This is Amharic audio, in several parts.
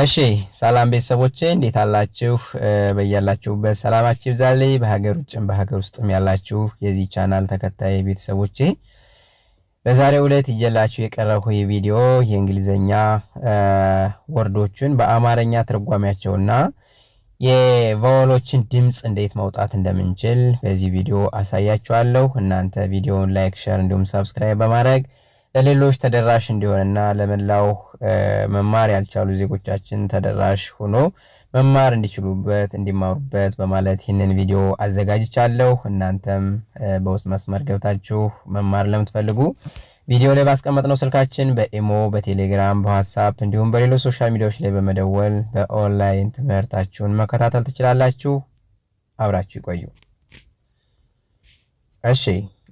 እሺ ሰላም ቤተሰቦቼ እንዴት አላችሁ? በያላችሁበት ሰላማችሁ ይብዛልኝ። በሀገር ውጭም በሀገር ውስጥም ያላችሁ የዚህ ቻናል ተከታይ ቤተሰቦቼ በዛሬው ዕለት እየላችሁ የቀረብኩ የቪዲዮ የእንግሊዝኛ ወርዶችን በአማርኛ ትርጓሚያቸውና የቫወሎችን ድምፅ እንዴት መውጣት እንደምንችል በዚህ ቪዲዮ አሳያችኋለሁ። እናንተ ቪዲዮውን ላይክ፣ ሸር እንዲሁም ሰብስክራይብ በማድረግ ለሌሎች ተደራሽ እንዲሆንና ለመላው መማር ያልቻሉ ዜጎቻችን ተደራሽ ሆኖ መማር እንዲችሉበት እንዲማሩበት በማለት ይህንን ቪዲዮ አዘጋጅቻለሁ። እናንተም በውስጥ መስመር ገብታችሁ መማር ለምትፈልጉ ቪዲዮ ላይ ነው ስልካችን በኢሞ፣ በቴሌግራም፣ በዋትሳፕ እንዲሁም በሌሎች ሶሻል ሚዲያዎች ላይ በመደወል በኦንላይን ትምህርታችሁን መከታተል ትችላላችሁ። አብራችሁ ይቆዩ። እሺ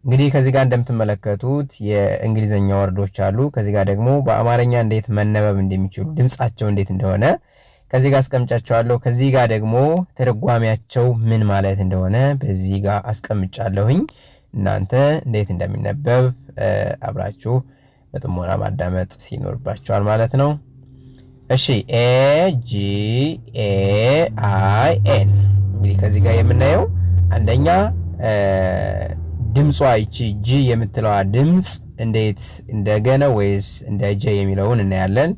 እንግዲህ ከዚህ ጋር እንደምትመለከቱት የእንግሊዝኛ ወርዶች አሉ። ከዚህ ጋር ደግሞ በአማርኛ እንዴት መነበብ እንደሚችሉ ድምጻቸው እንዴት እንደሆነ ከዚህ ጋር አስቀምጫቸዋለሁ። ከዚህ ጋር ደግሞ ትርጓሚያቸው ምን ማለት እንደሆነ በዚህ ጋር አስቀምጫለሁኝ። እናንተ እንዴት እንደሚነበብ አብራችሁ በጥሞና ማዳመጥ ይኖርባቸዋል ማለት ነው። እሺ ኤ ጂ ኤ አይ ኤን እንግዲህ ከዚህ ጋር የምናየው አንደኛ ድምጿ ይቺ ጂ የምትለዋ ድምፅ እንዴት እንደገነ ወይስ እንደ ጄ የሚለውን እናያለን።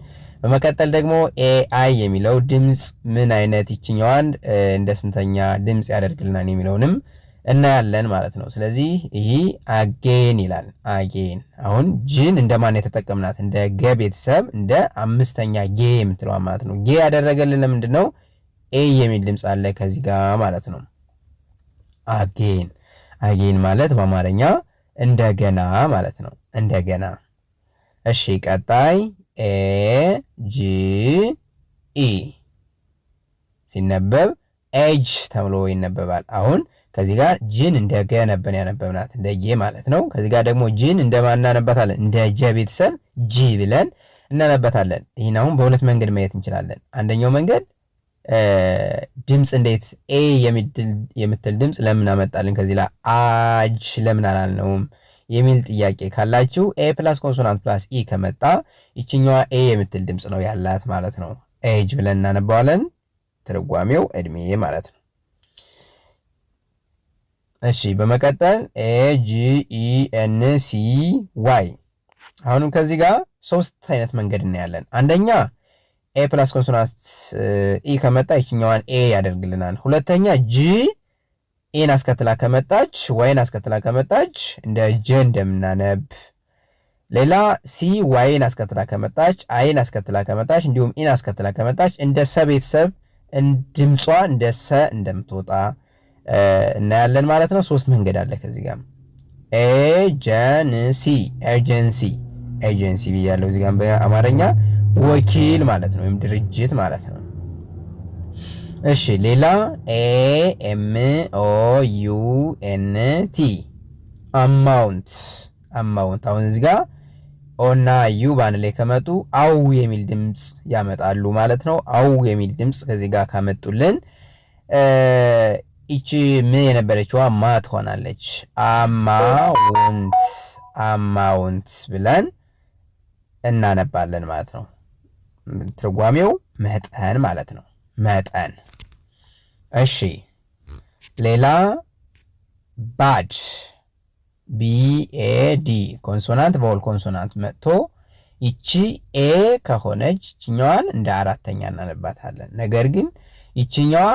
በመቀጠል ደግሞ ኤአይ የሚለው ድምፅ ምን አይነት ይችኛዋን እንደ ስንተኛ ድምፅ ያደርግልናል የሚለውንም እናያለን ማለት ነው። ስለዚህ ይህ አጌን ይላል። አጌን አሁን ጅን እንደማን የተጠቀምናት እንደ ገ ቤተሰብ እንደ አምስተኛ ጌ የምትለዋ ማለት ነው። ጌ ያደረገልን ለምንድን ነው? ኤ የሚል ድምፅ አለ ከዚህ ጋር ማለት ነው። አጌን አጌን ማለት በአማርኛ እንደገና ማለት ነው። እንደገና። እሺ ቀጣይ ኤ ጂ ኢ ሲነበብ ኤጅ ተብሎ ይነበባል። አሁን ከዚህ ጋር ጅን እንደገ ያነበብናት እንደ ማለት ነው። ከዚህ ጋር ደግሞ ጅን እንደማን እናነባታለን? እንደ ጀ ቤተሰብ ጂ ብለን እናነባታለን። ይህን አሁን በሁለት መንገድ ማየት እንችላለን። አንደኛው መንገድ ድምፅ እንዴት ኤ የምትል ድምፅ ለምን አመጣልን ከዚህ ላይ አጅ ለምን አላልነውም የሚል ጥያቄ ካላችሁ ኤ ፕላስ ኮንሶናንት ፕላስ ኢ ከመጣ ይችኛዋ ኤ የምትል ድምፅ ነው ያላት ማለት ነው። ኤጅ ብለን እናነባዋለን። ትርጓሜው እድሜ ማለት ነው። እሺ በመቀጠል ኤጂኢኤንሲ ዋይ አሁንም ከዚህ ጋር ሶስት አይነት መንገድ እናያለን። አንደኛ ኤ ፕላስ ኮንሶናንት ኢ ከመጣ ይችኛዋን ኤ ያደርግልናል። ሁለተኛ ጂ ኤን አስከትላ ከመጣች ዋይን አስከትላ ከመጣች እንደ ጀ እንደምናነብ፣ ሌላ ሲ ዋይን አስከትላ ከመጣች አይን አስከትላ ከመጣች እንዲሁም ኢን አስከትላ ከመጣች እንደ ሰ ቤተሰብ ድምጿ እንደ ሰ እንደምትወጣ እናያለን ማለት ነው። ሶስት መንገድ አለ ከዚህ ጋር ኤጀንሲ ኤጀንሲ ኤጀንሲ ብያለሁ እዚህ ጋር በአማርኛ ወኪል ማለት ነው፣ ወይም ድርጅት ማለት ነው። እሺ ሌላ ኤ ኤም ኦ ዩ ኤን ቲ አማውንት አማውንት። አሁን እዚህ ጋር ኦ እና ዩ በአንድ ላይ ከመጡ አው የሚል ድምፅ ያመጣሉ ማለት ነው። አው የሚል ድምፅ ከዚህ ጋር ካመጡልን ይቺ ም የነበረችዋ ማ ትሆናለች። አማውንት አማውንት ብለን እናነባለን ማለት ነው። ትርጓሜው መጠን ማለት ነው። መጠን እሺ። ሌላ ባድ ቢኤዲ ኮንሶናንት በወል ኮንሶናንት መጥቶ ይቺ ኤ ከሆነች ይችኛዋን እንደ አራተኛ እናነባታለን። ነገር ግን ይችኛዋ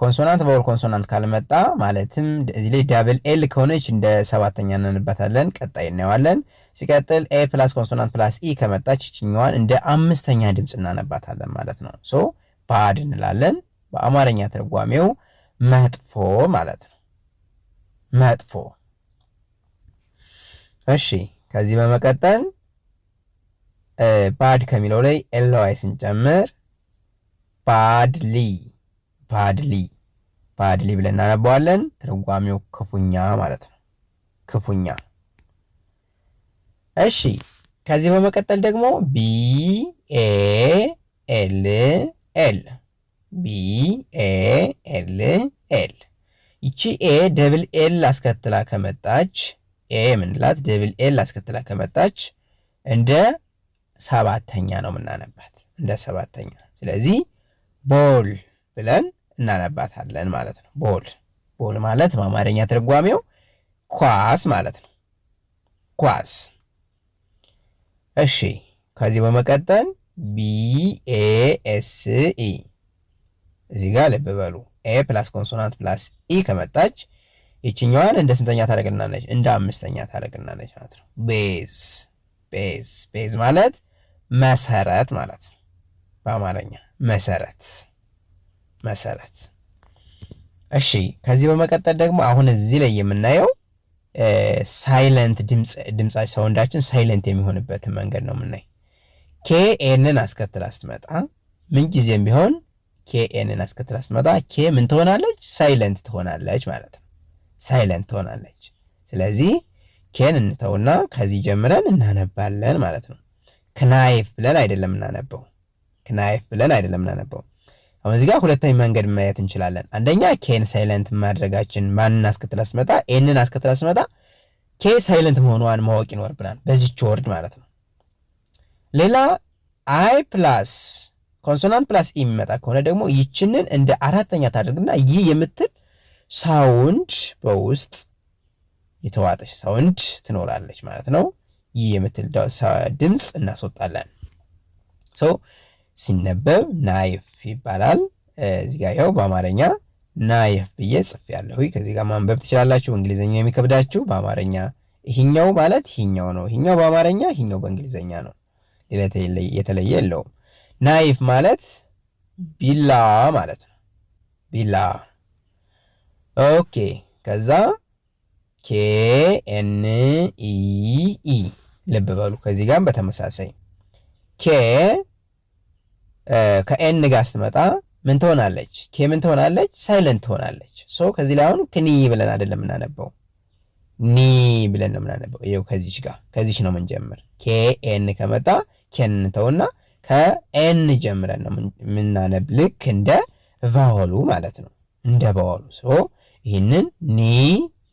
ኮንሶናንት ቫውል ኮንሶናንት ካልመጣ ማለትም እዚህ ላይ ዳብል ኤል ከሆነች እንደ ሰባተኛ እንንባታለን። ቀጣይ እናየዋለን። ሲቀጥል ኤ ፕላስ ኮንሶናንት ፕላስ ኢ ከመጣች ይችኛዋን እንደ አምስተኛ ድምፅ እናነባታለን ማለት ነው። ሶ ባድ እንላለን። በአማርኛ ትርጓሜው መጥፎ ማለት ነው። መጥፎ። እሺ፣ ከዚህ በመቀጠል ባድ ከሚለው ላይ ኤልዋይ ስንጨምር ባድሊ ባድሊ ባድሊ ብለን እናነባዋለን። ትርጓሜው ክፉኛ ማለት ነው። ክፉኛ። እሺ ከዚህ በመቀጠል ደግሞ ቢ ኤ ኤል ኤል ቢ ኤ ኤል ኤል ይቺ ኤ ደብል ኤል አስከትላ ከመጣች ኤ የምንላት ደብል ኤል አስከትላ ከመጣች እንደ ሰባተኛ ነው የምናነባት፣ እንደ ሰባተኛ። ስለዚህ ቦል ብለን እናነባታለን ማለት ነው። ቦል ቦል ማለት በአማርኛ ትርጓሜው ኳስ ማለት ነው። ኳስ። እሺ፣ ከዚህ በመቀጠል ቢኤኤስኢ እዚህ ጋር ልብ በሉ። ኤ ፕላስ ኮንሶናንት ፕላስ ኢ ከመጣች ይችኛዋን እንደ ስንተኛ ታደርግናለች? እንደ አምስተኛ ታደርግናለች ማለት ነው። ቤዝ ቤዝ ቤዝ ማለት መሰረት ማለት ነው በአማርኛ መሰረት መሰረት። እሺ ከዚህ በመቀጠል ደግሞ አሁን እዚህ ላይ የምናየው ሳይለንት ድምፅ ሳውንዳችን ሳይለንት የሚሆንበትን መንገድ ነው የምናይ። ኤንን አስከትላ ስትመጣ ምንጊዜም ቢሆን ኬ ኬኤንን አስከትላ ስትመጣ ኬ ምን ትሆናለች? ሳይለንት ትሆናለች ማለት ነው። ሳይለንት ትሆናለች። ስለዚህ ኬን እንተውና ከዚህ ጀምረን እናነባለን ማለት ነው። ክናይፍ ብለን አይደለም እናነበው። ክናይፍ ብለን አይደለም እናነበው አሁን እዚህ ጋር ሁለታዊ መንገድ ማየት እንችላለን። አንደኛ ኬን ሳይለንት ማድረጋችን ማንን አስከትላ ስመጣ ኤንን አስከትላ ስመጣ ኬ ሳይለንት መሆኗን ማወቅ ይኖርብናል፣ በዚች ወርድ ማለት ነው። ሌላ አይ ፕላስ ኮንሶናንት ፕላስ ኢ የሚመጣ ከሆነ ደግሞ ይችንን እንደ አራተኛ ታደርግና ይህ የምትል ሳውንድ በውስጥ የተዋጠች ሳውንድ ትኖራለች ማለት ነው። ይህ የምትል ድምፅ እናስወጣለን። ሶ ሲነበብ ናይፍ ይባላል። እዚህ ጋር ያው በአማርኛ ናይፍ ብዬ ጽፍ ያለሁ ከዚህ ጋር ማንበብ ትችላላችሁ። በእንግሊዝኛ የሚከብዳችሁ በአማርኛ ይህኛው ማለት ይህኛው ነው። ይህኛው በአማርኛ ይህኛው በእንግሊዝኛ ነው። ሌላ የተለየ የለውም። ናይፍ ማለት ቢላ ማለት ነው። ቢላ ኦኬ። ከዛ ኢ ልብ በሉ። ከዚህ ጋር በተመሳሳይ ኬ ከኤን ጋር ስትመጣ ምን ትሆናለች? ኬ ምን ትሆናለች? ሳይለንት ትሆናለች። ሶ ከዚህ ላይ አሁን ክኒ ብለን አይደለም የምናነበው ኒ ብለን ነው የምናነበው። ይኸው ከዚች ጋር ከዚች ነው ምንጀምር። ኬ ኤን ከመጣ ኬን ተውና ከኤን ጀምረን ነው የምናነብ። ልክ እንደ ቫወሉ ማለት ነው እንደ ቫወሉ። ሶ ይህንን ኒ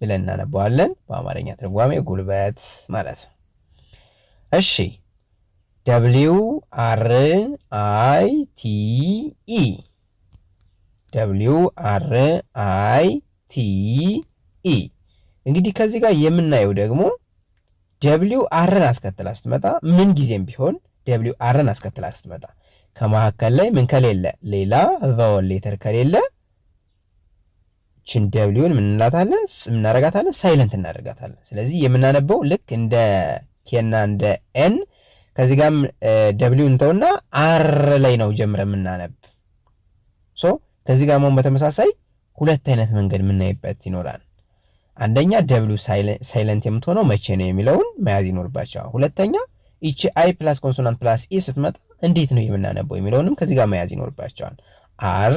ብለን እናነበዋለን። በአማርኛ ትርጓሜ ጉልበት ማለት ነው። እሺ ደብሊው አር አይ ቲ ኢ ደብሊው አር አይ ቲ ኢ። እንግዲህ ከዚህ ጋር የምናየው ደግሞ ደብሊው አርን አስከትላ ስትመጣ ምን ጊዜም ቢሆን ደብሊው አርን አስከትላ ስትመጣ ከመካከል ላይ ምን ከሌለ ሌላ ቫወል ሌተር ከሌለ ችን ደብሊውን ምንላታለን ምናረጋታለን ሳይለንት እናደርጋታለን። ስለዚህ የምናነበው ልክ እንደ ኬና እንደ ኤን ከዚህ ጋም ደብሊው እንተውና አር ላይ ነው ጀምረ የምናነብ። ሶ ከዚህ ጋር መሆን በተመሳሳይ ሁለት አይነት መንገድ የምናይበት ይኖራል። አንደኛ ደብሊው ሳይለንት የምትሆነው መቼ ነው የሚለውን መያዝ ይኖርባቸዋል። ሁለተኛ ይቺ አይ ፕላስ ኮንሶናንት ፕላስ ኢ ስትመጣ እንዴት ነው የምናነበው የሚለውንም ከዚህ ጋር መያዝ ይኖርባቸዋል። አር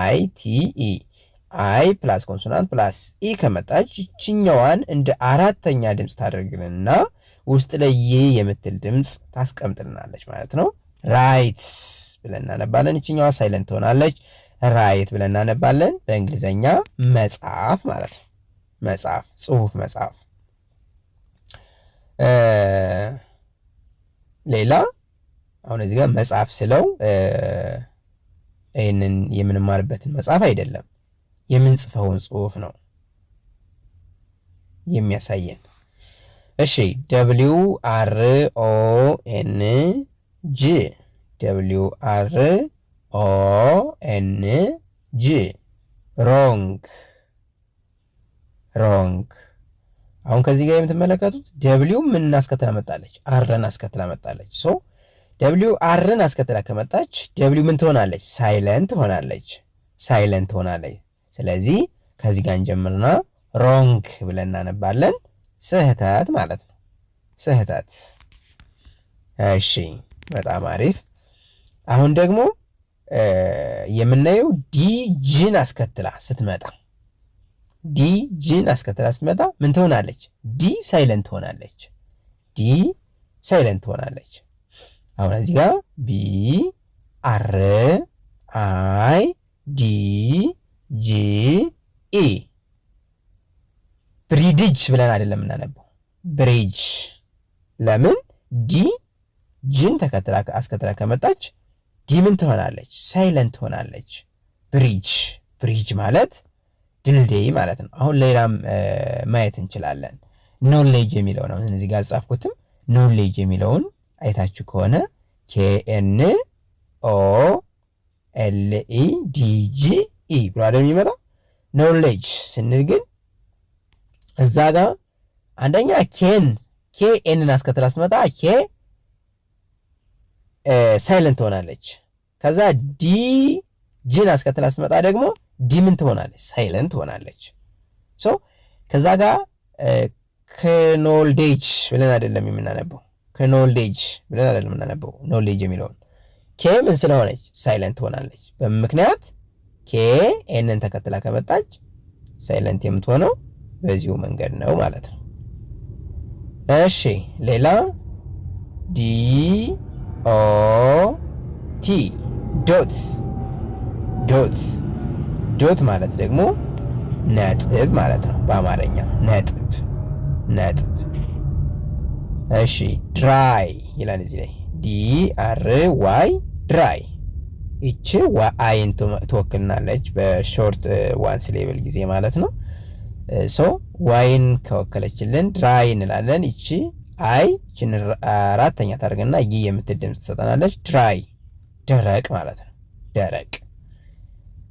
አይ ቲ ኢ አይ ፕላስ ኮንሶናንት ፕላስ ኢ ከመጣች ይችኛዋን እንደ አራተኛ ድምፅ ታደርግንና ውስጥ ላይ ይ የምትል ድምፅ ታስቀምጥልናለች ማለት ነው። ራይት ብለን እናነባለን። ይችኛዋ ሳይለንት ትሆናለች። ራይት ብለን እናነባለን። በእንግሊዘኛ መጽሐፍ ማለት ነው። መጽሐፍ፣ ጽሁፍ፣ መጽሐፍ። ሌላ አሁን እዚህ ጋር መጽሐፍ ስለው ይህንን የምንማርበትን መጽሐፍ አይደለም፣ የምንጽፈውን ጽሁፍ ነው የሚያሳየን። እሺ ደብሊው አር ኦ ኤን ጂ ደብሊው አር ኦ ኤን ጂ ሮንግ ሮንግ። አሁን ከዚህ ጋር የምትመለከቱት ደብሊው ምን አስከትላ መጣለች? አርን አስከትላ መጣለች። ሶ ደብሊው አርን አስከትላ ከመጣች ደብሊው ምን ትሆናለች? ሳይለንት ትሆናለች። ሳይለንት ትሆናለች። ስለዚህ ከዚህ ጋር እንጀምርና ሮንግ ብለን እናነባለን። ስህተት ማለት ነው። ስህተት። እሺ፣ በጣም አሪፍ። አሁን ደግሞ የምናየው ዲጅን አስከትላ ስትመጣ ዲጅን አስከትላ ስትመጣ ምን ትሆናለች? ዲ ሳይለንት ትሆናለች። ዲ ሳይለንት ትሆናለች። አሁን እዚህ ጋር ቢ አር አይ ዲ ጂ ብሪጅ ብለን አይደለም የምናነበው ብሪጅ ለምን ዲ ጂን ተከትላ አስከትላ ከመጣች ዲ ምን ትሆናለች? ሳይለንት ትሆናለች። ብሪጅ ብሪጅ ማለት ድልድይ ማለት ነው። አሁን ሌላም ማየት እንችላለን። ኖሌጅ የሚለው ነው እዚህ ጋር ጻፍኩትም። ኖሌጅ የሚለውን አይታችሁ ከሆነ ኬኤን ኦ ኤልኢ ዲጂኢ ብሎ አይደል የሚመጣው። ኖሌጅ ስንል ግን እዛ ጋር አንደኛ ኬን ኬ ኤንን አስከትላ ስትመጣ ኬ ሳይለንት ትሆናለች። ከዛ ዲ ጂን አስከትላ ስትመጣ ደግሞ ዲ ምን ትሆናለች? ሳይለንት ትሆናለች። ሶ ከዛ ጋር ከኖልዴጅ ብለን አይደለም የምናነበው፣ ከኖልዴጅ ብለን አይደለም የምናነበው። ኖልዴጅ የሚለውን ኬ ምን ስለሆነች ሳይለንት ትሆናለች። በምክንያት ኬ ኤንን ተከትላ ከመጣች ሳይለንት የምትሆነው በዚሁ መንገድ ነው ማለት ነው። እሺ ሌላ ዲ ኦ ቲ ዶት ዶት ዶት ማለት ደግሞ ነጥብ ማለት ነው በአማርኛ ነጥብ ነጥብ። እሺ ድራይ ይላል እዚህ ላይ ዲ አር ዋይ ድራይ። ይቺ አይን ትወክልናለች በሾርት ዋንስ ሌብል ጊዜ ማለት ነው። ሰው ዋይን ከወከለችልን ድራይ እንላለን። ይቺ አይ ይችን አራተኛ ታደርግና ይ የምትል ድምፅ ትሰጠናለች። ድራይ ደረቅ ማለት ነው። ደረቅ።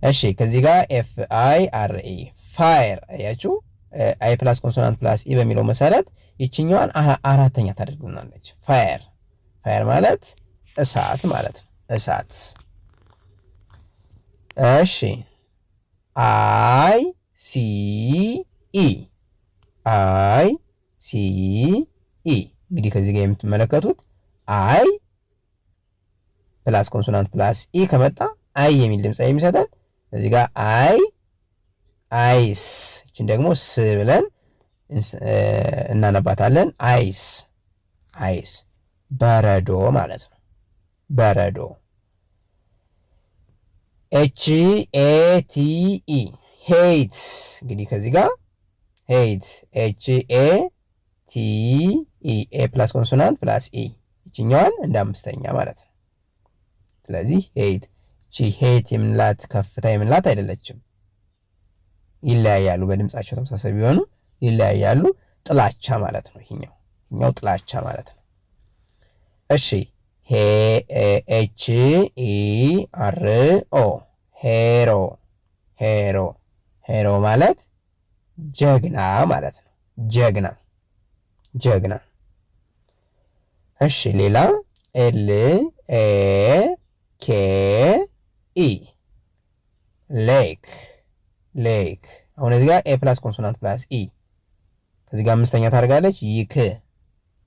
እሺ ከዚህ ጋር ኤፍ አይ አር ኢ ፋየር። አያችሁ አይ ፕላስ ኮንሶናንት ፕላስ ኢ በሚለው መሰረት ይችኛዋን አራተኛ ታደርግልናለች። ፋየር ፋየር ማለት እሳት ማለት ነው። እሳት። እሺ አይ ሲ ኢ አይ ሲ ኢ እንግዲህ ከዚህ ጋር የምትመለከቱት አይ ፕላስ ኮንሶናንት ፕላስ ኢ ከመጣ አይ የሚል ድምፅ የሚሰጠን እዚህ ጋር አይ አይስ እችን ደግሞ ስ ብለን እናነባታለን። አይስ አይስ በረዶ ማለት ነው። በረዶ ኤች ኤ ቲ ኢ ሄይት እንግዲህ ከዚህ ጋር ሄት ኤች ኤ ቲ ኢ ኤ ፕላስ ኮንሶናንት ፕላስ ኢ ይችኛዋን እንደ አምስተኛ ማለት ነው። ስለዚህ ሄት ቺ ሄት የምንላት ከፍታ የምንላት አይደለችም። ይለያያሉ። በድምጻቸው ተመሳሳይ ቢሆኑ ይለያያሉ። ጥላቻ ማለት ነው። ይሄኛው ይሄኛው ጥላቻ ማለት ነው። እሺ ሄ ኤች ኢ አር ኦ ሄሮ ሄሮ ሄሮ ማለት ጀግና ማለት ነው። ጀግና ጀግና። እሺ ሌላ ኤል ኤ ኬ ኢ ሌክ ሌክ። አሁን እዚህ ጋር ኤ ፕላስ ኮንሶናንት ፕላስ ኢ እዚህ ጋር አምስተኛ ታደርጋለች። ይክ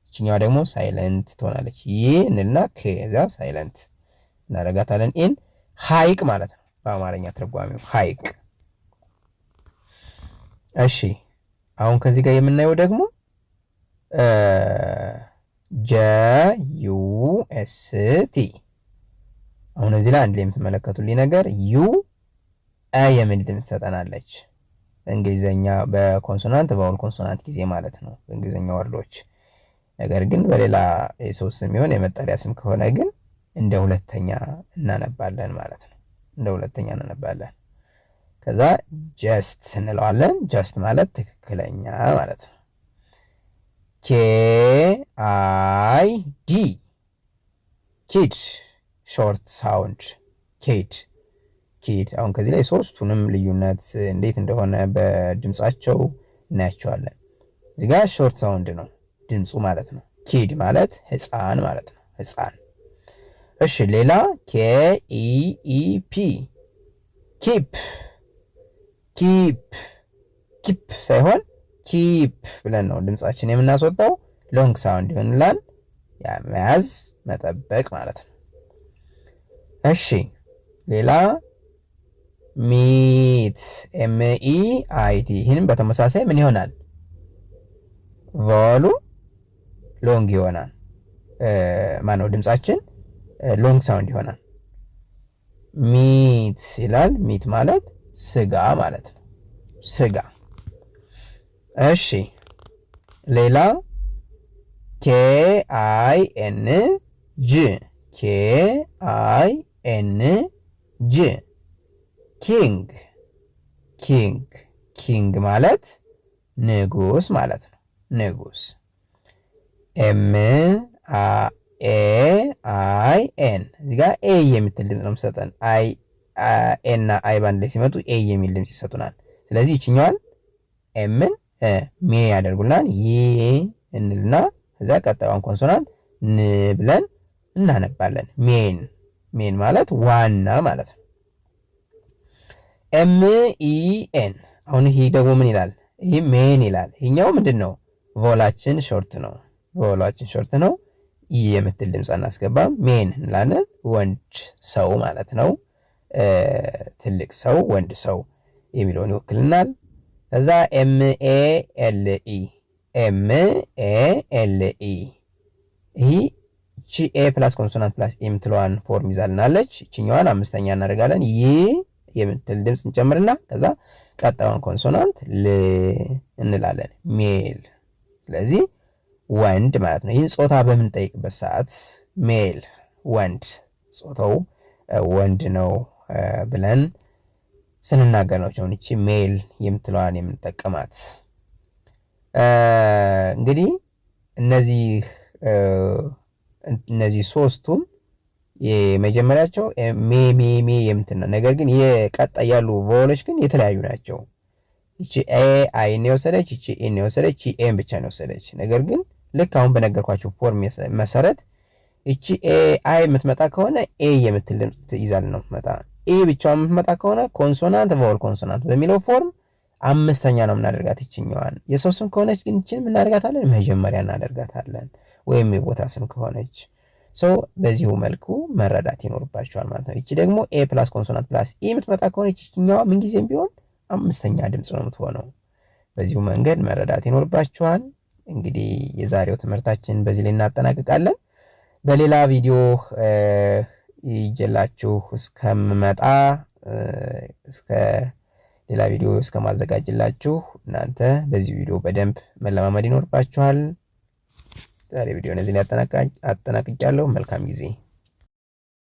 ይችኛዋ ደግሞ ሳይለንት ትሆናለች። ይህ እንልና ክ እዚያ ሳይለንት እናደርጋታለን። ኢን ሀይቅ ማለት ነው በአማርኛ ትርጓሜው ሀይቅ እሺ አሁን ከዚህ ጋር የምናየው ደግሞ ጀ ዩ ኤስ ቲ። አሁን እዚህ ላይ አንድ ላይ የምትመለከቱልኝ ነገር ዩ አ የሚል ድምፅ ትሰጠናለች። በእንግሊዘኛ በኮንሶናንት ቫውል ኮንሶናንት ጊዜ ማለት ነው፣ በእንግሊዘኛ ወርዶች። ነገር ግን በሌላ የሰው ስም ይሆን የመጠሪያ ስም ከሆነ ግን እንደ ሁለተኛ እናነባለን ማለት ነው። እንደ ሁለተኛ እናነባለን። ከዛ ጀስት እንለዋለን። ጀስት ማለት ትክክለኛ ማለት ነው። ኬ አይ ዲ ኪድ ሾርት ሳውንድ ኬድ ኪድ። አሁን ከዚህ ላይ ሶስቱንም ልዩነት እንዴት እንደሆነ በድምፃቸው እናያቸዋለን። እዚህ ጋ ሾርት ሳውንድ ነው ድምፁ ማለት ነው። ኪድ ማለት ህፃን ማለት ነው። ህፃን። እሺ ሌላ ኬ ኢ ኢ ፒ ኪፕ ኪፕ ኪፕ ሳይሆን ኪፕ ብለን ነው ድምጻችን የምናስወጣው። ሎንግ ሳውንድ ይሆንላል። መያዝ መጠበቅ ማለት ነው። እሺ ሌላ ሚት ኤምኢ አይቲ ይህንም በተመሳሳይ ምን ይሆናል? ቫሉ ሎንግ ይሆናል። ማነው ድምጻችን ሎንግ ሳውንድ ይሆናል። ሚት ይላል። ሚት ማለት ስጋ ማለት ነው። ስጋ። እሺ ሌላ ኬ አይ ኤን ጂ ኬ አይ ኤን ጅ ኪንግ ኪንግ ኪንግ ማለት ንጉስ ማለት ነው። ንጉስ ኤም ኤ አይ ኤን እዚህ ጋር ኤ የምትል ድምፅ ነው የምሰጠን አይ ኤና አይ ባንድ ላይ ሲመጡ ኤ የሚል ድምፅ ይሰጡናል። ስለዚህ ይችኛዋን ኤምን ሜ ያደርጉልናል። ይሄ እንልና ከዛ ቀጣዩን ኮንሶናንት ን ብለን እናነባለን። ሜን ሜን ማለት ዋና ማለት ነው። ኤም ኢ ኤን አሁን ይሄ ደግሞ ምን ይላል? ይህ ሜን ይላል። ይህኛው ምንድን ነው? ቮላችን ሾርት ነው። ቮላችን ሾርት ነው። ይህ የምትል ድምፅ አናስገባም። ሜን እንላለን። ወንድ ሰው ማለት ነው። ትልቅ ሰው ወንድ ሰው የሚለውን ይወክልናል። ከዛ ኤም ኤ ኤል ኢ ኤም ኤ ኤል ኢ ይህ ቺ ኤ ፕላስ ኮንሶናንት ፕላስ ኤ የምትለዋን ፎርም ይዛልናለች። ይችኛዋን አምስተኛ እናደርጋለን። ይህ የምትል ድምፅ እንጨምርና ከዛ ቀጣዩን ኮንሶናንት ል እንላለን ሜል። ስለዚህ ወንድ ማለት ነው። ይህን ጾታ በምንጠይቅበት ሰዓት ሜል ወንድ ጾታው ወንድ ነው ብለን ስንናገር ነው ሲሆን እቺ ሜል የምትለዋን የምንጠቀማት እንግዲህ እነዚህ እነዚህ ሶስቱም የመጀመሪያቸው ሜ ሜ ሜ የምትና ነገር ግን የቀጣይ ያሉ ቮሎች ግን የተለያዩ ናቸው። ይቺ ኤ ነው የወሰደች ይቺ ነው የወሰደች ይቺ ኤም ብቻ ነው የወሰደች። ነገር ግን ልክ አሁን በነገርኳቸው ፎርም መሰረት ይቺ ኤ አይ የምትመጣ ከሆነ ኤ የምትል ድምፅ ይዛል ነው የምትመጣ ኤ ብቻዋን የምትመጣ ከሆነ ኮንሶናንት ቫወል ኮንሶናንት በሚለው ፎርም አምስተኛ ነው የምናደርጋት ይችኛዋን። የሰው ስም ከሆነች ግን ይችን የምናደርጋታለን መጀመሪያ እናደርጋታለን፣ ወይም የቦታ ስም ከሆነች ሰው በዚሁ መልኩ መረዳት ይኖርባቸዋል ማለት ነው። ይቺ ደግሞ ኤ ፕላስ ኮንሶናንት ፕላስ ኢ የምትመጣ ከሆነች ይችኛዋ ምንጊዜም ቢሆን አምስተኛ ድምፅ ነው የምትሆነው። በዚሁ መንገድ መረዳት ይኖርባቸዋል። እንግዲህ የዛሬው ትምህርታችን በዚህ ላይ እናጠናቅቃለን። በሌላ ቪዲዮ ይጀላችሁ እስከምመጣ እስከ ሌላ ቪዲዮ እስከማዘጋጅላችሁ እናንተ በዚህ ቪዲዮ በደንብ መለማመድ ይኖርባችኋል። ዛሬ ቪዲዮ እነዚህን አጠናቅቄያለሁ። መልካም ጊዜ